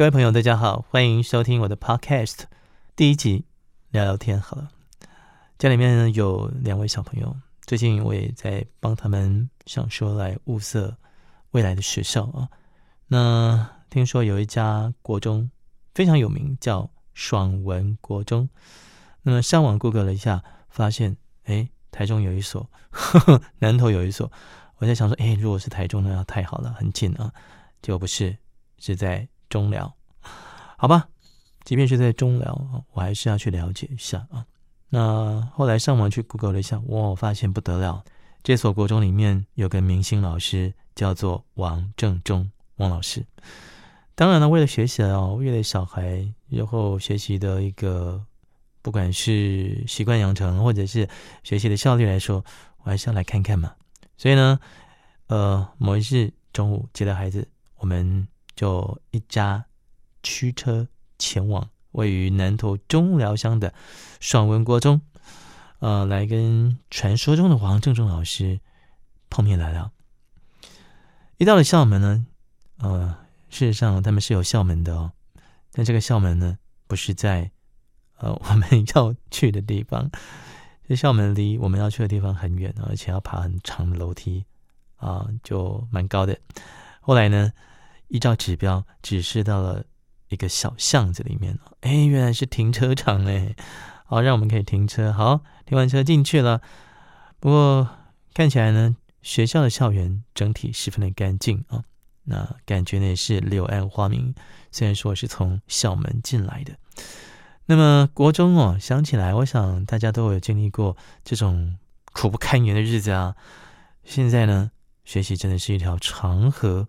各位朋友，大家好，歡迎收聽我的 podcast 第一集聊聊天。好了，家裡面呢，有兩位小朋友，最近我也在幫他們想說來物色未來的學校啊。那聽說有一家國中非常有名，叫爽文國中。那麼上網 Google 了一下，發現，哎，台中有一所，呵呵，南投有一所。我在想說，哎，如果是台中呢，太好了，很近啊。結果不是，是在。中寮，好吧，即便是在中寮，我還是要去了解一下啊。那後來上網去 Google 了一下，哇，我發現不得了，這所國中裡面有個明星老師，叫做王政忠，王老師。當然呢，為了學習哦，為了小孩日後學習的一個，不管是習慣養成或者是學習的效率來說，我還是要來看看嘛。所以呢，呃，某一日中午接到孩子，我們。就一家驅車前往位於南投中寮鄉的爽文國中，呃，來跟傳說中的王政忠老師碰面聊聊。一到了校門呢，呃，事實上他們是有校門的哦，但這個校門呢不是在呃我們要去的地方，這校門離我們要去的地方很遠，哦，而且要爬很長的樓梯啊，呃，就蠻高的。後來呢，依照指標指示到了一個小巷子裡面哎，原來是停車場哎，好，讓我們可以停車。好，停完車進去了。不過看起來呢，學校的校園整體十分的乾淨啊，哦，那感覺呢也是柳暗花明。雖然說我是從校門進來的，那麼國中哦，想起來，我想大家都有經歷過這種苦不堪言的日子啊。現在呢，學習真的是一條長河。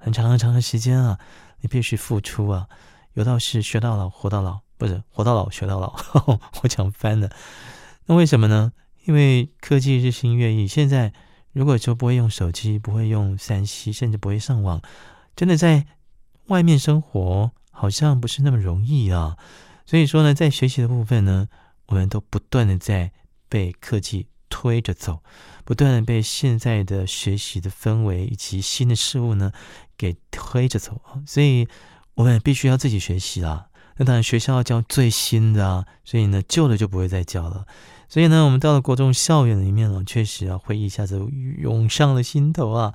很長很長的時間啊，你必須付出啊。有道是“學到老活到老，不是活到老學到老”，呵呵我講翻了。那為什麼呢？因為科技日新月異，現在如果說不會用手機、不會用 3C，甚至不會上網，真的在外面生活好像不是那麼容易啊。所以說呢，在學習的部分呢，我們都不斷的在被科技推着走，不斷的被現在的學習的氛圍以及新的事物呢給推着走啊，所以我們也必須要自己學習啦、啊。那當然學校要教最新的啊，所以呢舊的就不會再教了。所以呢，我們到了國中校園裡面呢確實啊會一下子湧上了心頭啊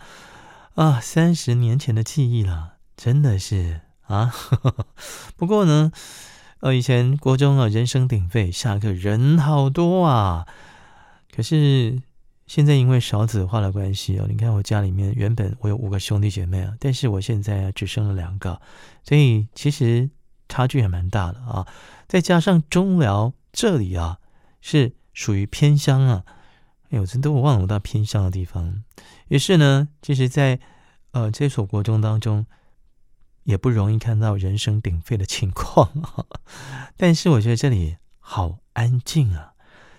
啊三十年前的記憶了，真的是啊。 不過呢，呃以前國中啊人聲鼎沸，下課人好多啊。可是現在因為少子化的關係哦，你看我家裡面原本我有五個兄弟姐妹啊，但是我現在啊只剩了兩個，所以其實差距也蠻大的啊。再加上中寮這裡啊是屬於偏鄉啊，有、哎、真的我忘了到偏鄉的地方，於是呢，其實在呃這所國中當中也不容易看到人聲鼎沸的情況，啊，但是我覺得這裡好安靜啊。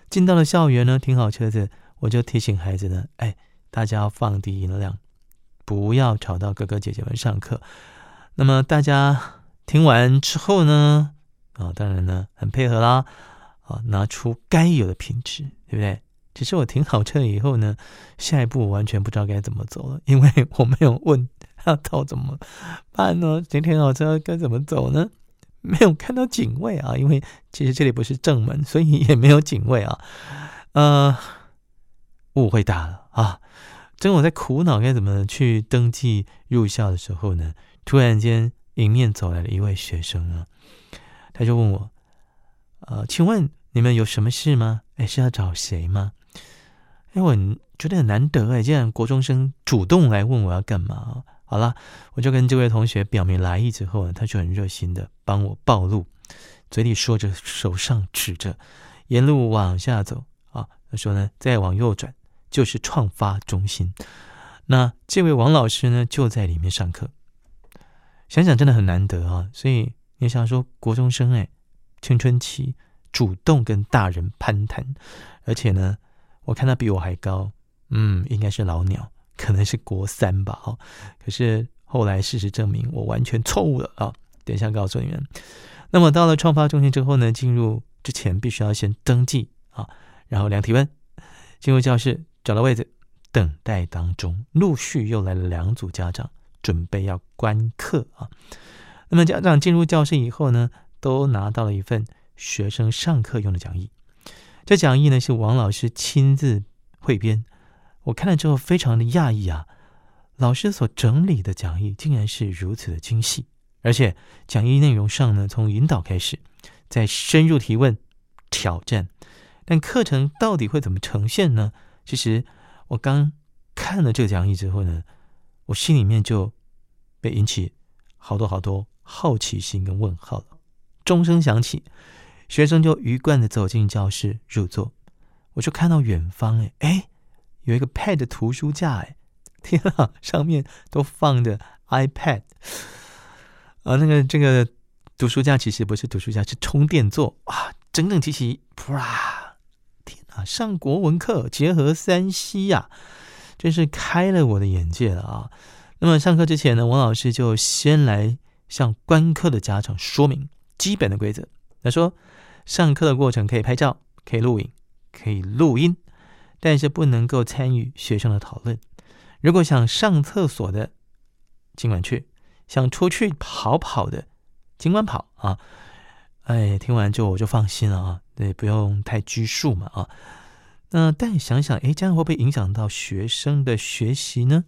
進到了校園呢，停好車子，我就提醒孩子呢：哎，大家要放低音量，不要吵到哥哥姐姐們上課。那麼大家聽完之後呢，啊、哦，當然呢，很配合啦，啊、哦，拿出該有的品質，對不對？只是我停好車以後呢，下一步完全不知道該怎麼走了，因為我沒有問啊，到怎麼辦呢？今天停好車該怎麼走呢？沒有看到警衛啊，因為其實這裡不是正門，所以也沒有警衛啊。呃，誤會大了啊！正我在苦惱該怎麼去登記入校的時候呢，突然間迎面走來了一位學生啊，他就問我：呃，請問你們有什麼事嗎？誒，是要找誰嗎？因為我覺得很難得哎，竟然國中生主動來問我要幹嘛。好了，我就跟這位同學表明來意之後，呢，他就很熱心的幫我報路，嘴裡說着，手上指着，沿路往下走啊。他說呢，再往右轉就是創發中心，那這位王老師呢就在裡面上課。想想真的很難得啊，所以你想說，國中生哎，青春期主動跟大人攀談，而且呢，我看他比我還高，嗯，應該是老鳥。可能是國三吧，哦，可是後來事實證明我完全錯誤了啊！等一下告訴你們。那麼到了爽文國中之後呢，進入之前必須要先登記啊，然後量體溫，進入教室找到位置，等待當中，陸續又來了兩組家長準備要觀課啊。那麼家長進入教室以後呢，都拿到了一份學生上課用的講義，這講義呢是王老師親自匯編。我看了之後非常的訝異啊，老師所整理的講義竟然是如此的精細，而且講義內容上呢，從引導開始，再深入提問、挑戰，但課程到底會怎麼呈現呢？其實我剛看了這個講義之後呢，我心裡面就被引起好多好多好奇心跟問號了。鐘聲響起，學生就魚貫的走進教室入座，我就看到遠方誒，誒哎。有一個 Pad 的圖書架，哎，天啊，上面都放着 iPad，啊，那個這個讀書架其實不是讀書架，是充電座啊，整整齊齊，啪！天啊，上國文課結合三 C 呀，真是開了我的眼界了啊。那麼上課之前呢，王老師就先來向觀課的家長說明基本的規則。他說，上課的過程可以拍照，可以錄影，可以錄音。但是不能夠參與學生的討論。如果想上廁所的，儘管去；想出去跑跑的，儘管跑啊！哎，聽完就我就放心了啊，對，不用太拘束嘛啊。那但想想，哎，這樣會不會影響到學生的學習呢？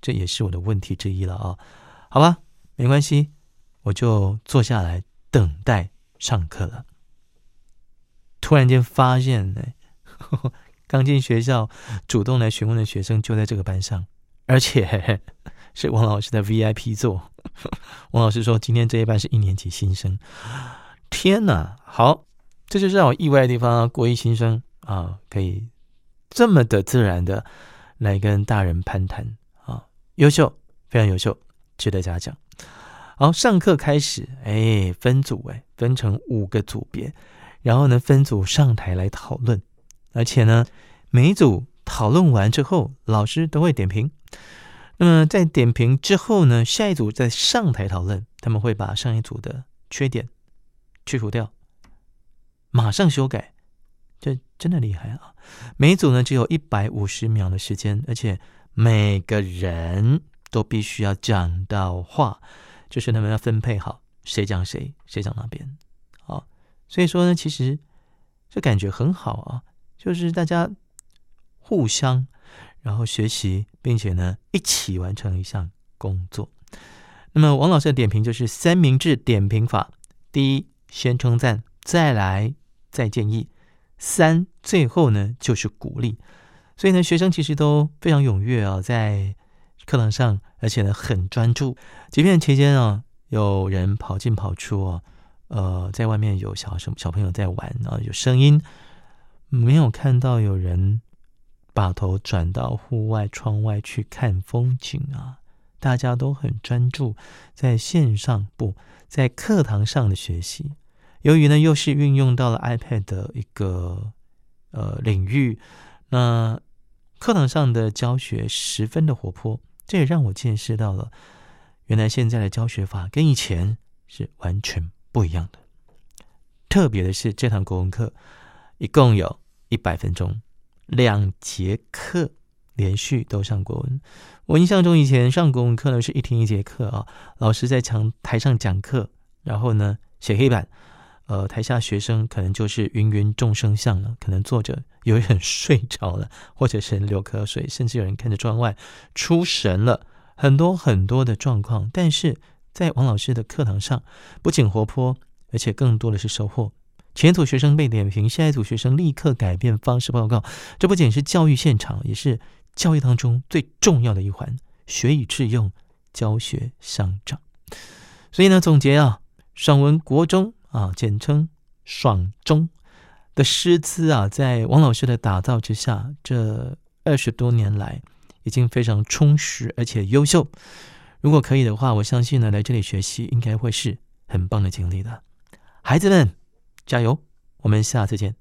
這也是我的問題之一了啊。好吧，沒關係，我就坐下來等待上課了。突然間發現，哎，呵呵。剛進學校主動來詢問的學生就在這個班上，而且是王老師的 VIP 座。王老師說：“今天這一班是一年級新生。”天哪！好，這就是讓我意外的地方啊，國一新生啊，可以這麼的自然的來跟大人攀談啊，優秀，非常優秀，值得嘉獎。好，上課開始，哎，分組，哎，分成五個組別，然後呢，分組上台來討論。而且呢，每一組討論完之後，老師都會點評。那麼在點評之後呢，下一組再上台討論，他們會把上一組的缺點去除掉，馬上修改。這真的厲害啊！每一組呢只有一百五十秒的時間，而且每個人都必須要講到話，就是他們要分配好，誰講誰，誰講哪邊。好，所以說呢，其實這感覺很好啊。就是大家互相，然後學習，並且呢一起完成一項工作。那麼王老師的點評就是三明治點評法：第一，先稱讚，再來再建議；三，最後呢就是鼓勵。所以呢，學生其實都非常踴躍啊、哦，在課堂上，而且呢很專注。即便期間啊、哦、有人跑進跑出、哦，呃，在外面有小學生小朋友在玩啊，有聲音。沒有看到有人把頭轉到戶外、窗外去看風景啊。大家都很專注，在線上，不，在課堂上的學習。由於呢，又是運用到了 iPad 的一個，呃，領域，那課堂上的教學十分的活潑。這也讓我見識到了，原來現在的教學法跟以前是完全不一樣的。特別的是，這堂國文課一共有一百分鐘，兩節課連續都上國文。我印象中以前上國文課呢，是一天一節課啊、哦，老師在講台上講課，然後呢寫黑板，呃，台下學生可能就是芸芸眾生相了，可能坐着有人睡着了，或者是流口水，甚至有人看着窗外出神了，很多很多的狀況。但是在王老師的課堂上，不僅活潑，而且更多的是收穫。前一組學生被點評，下一組學生立刻改變方式報告。這不僅是教育現場，也是教育當中最重要的一環——學以致用，教學相長。所以呢，總結啊，爽文國中啊，簡稱爽中的師資啊，在王老師的打造之下，這二十多年來已經非常充實而且優秀。如果可以的話，我相信呢，來這裡學習應該會是很棒的經歷的。孩子們。加油！我們下次見。